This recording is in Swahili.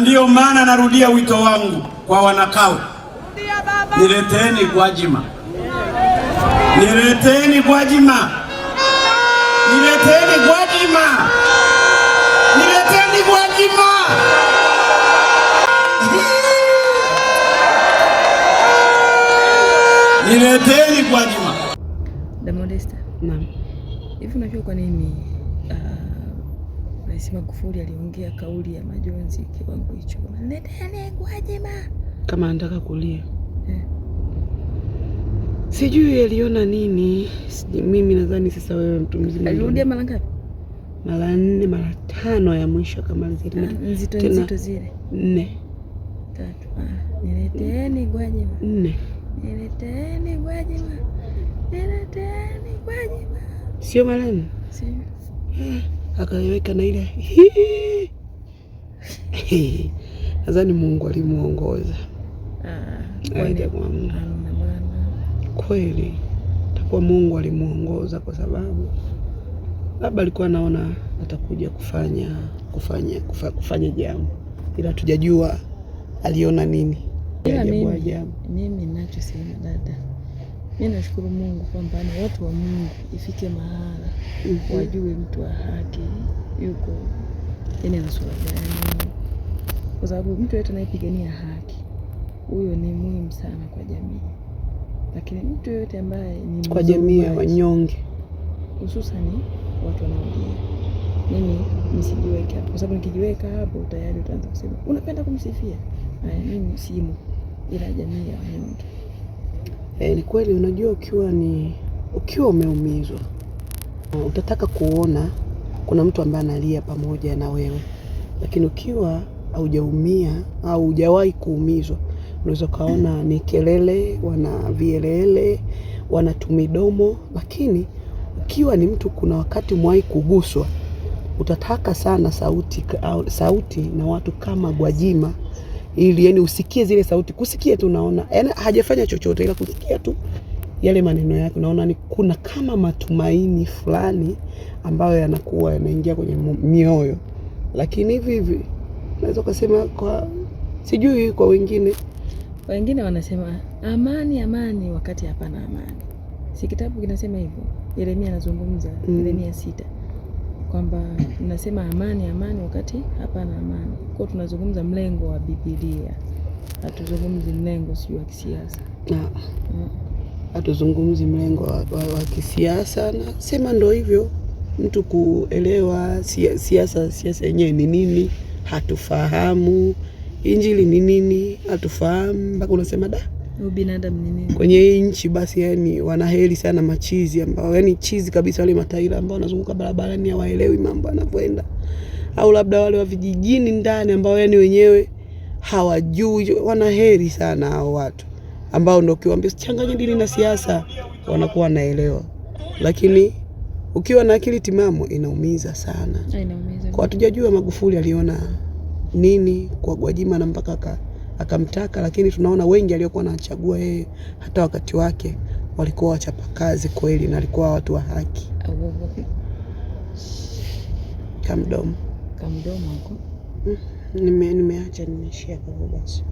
Ndiyo maana narudia wito wangu kwa wanakawe, nileteni Gwajima, nileteni Gwajima, nileteni Gwajima, nileteni Gwajima. Nileteni Gwajima. Damodesta. Naam. Hivi unajua kwa nini uh, Rais Magufuli aliongea kauli ya majonzi kiwango hicho, kama anataka kulia eh. Sijui aliona nini, sijui mimi nadhani sasa wewe mtu mzima. Alirudia mara ngapi? Mara nne, mara tano ya mwisho kama zile. Ah, nzito nzito zile. Nne. Tatu. Ah, nileteeni Gwajima. Nne. Nileteeni Gwajima. Nileteeni Gwajima. Sio mara nne? Sio. Eh akaweka na ile nadhani Mungu alimuongoza ah, aida mwana kweli, takuwa Mungu alimuongoza kwa sababu labda alikuwa anaona atakuja kufanya kufanya kufa, kufanya jambo, ila tujajua aliona nini. Ajabu ajabu. Mimi ninachosema dada Mi nashukuru Mungu kwamba ni watu wa Mungu, ifike mahala wajue mtu wa haki yuko yani ana sura gani, kwa sababu mtu yote anayepigania haki huyo ni muhimu sana kwa jamii, lakini mtu yoyote ambaye ni kwa jamii ya wanyonge, hususani watu wanaolia, mimi nisijiweke hapo, kwa sababu nikijiweka hapo tayari utaanza kusema unapenda kumsifia. Haya, mimi simu, ila jamii ya wanyonge E, ni kweli unajua, ukiwa ni ukiwa umeumizwa utataka kuona kuna mtu ambaye analia pamoja na wewe, lakini ukiwa haujaumia au hujawahi kuumizwa unaweza ukaona ni kelele, wana vielele, wana tumidomo. Lakini ukiwa ni mtu, kuna wakati umewahi kuguswa, utataka sana sauti, sauti na watu kama Gwajima ili yani usikie zile sauti, kusikia tu unaona, yani hajafanya chochote, ila kusikia tu yale maneno yake naona ni kuna kama matumaini fulani ambayo yanakuwa yanaingia kwenye mioyo. Lakini hivi hivi naweza ukasema kwa sijui kwa wengine, wengine wanasema amani amani, wakati hapana amani. Si kitabu kinasema hivyo? Yeremia anazungumza, mm. Yeremia sita kwamba tunasema amani amani, wakati hapana amani. Kwa tunazungumza mlengo wa Biblia, hatuzungumzi mlengo sio wa kisiasa hatuzungumzi mlengo wa, wa, wa kisiasa. Nasema ndo hivyo mtu kuelewa siasa, siasa yenyewe ni nini hatufahamu. Injili ni nini hatufahamu, mpaka unasema da Ubinadamu ni nini? Kwenye hii nchi basi, yani wanaheri sana machizi ambao yani chizi kabisa, wale matairi ambao wanazunguka barabarani hawaelewi mambo yanavyoenda, au labda wale wa vijijini ndani ambao yani wenyewe hawajui. Wanaheri sana hao watu ambao ndio ukiwaambia changanya dini na siasa wanakuwa wanaelewa, lakini ukiwa na akili timamu inaumiza sana, inaumiza. Kwa hatujajua Magufuli aliona nini kwa Gwajima na mpaka akamtaka, lakini tunaona wengi aliokuwa anachagua yeye hata wakati wake walikuwa wachapa kazi kweli na alikuwa watu wa haki. Kamdomo kamdomo, mm, nimeacha nimeshia hapo basi.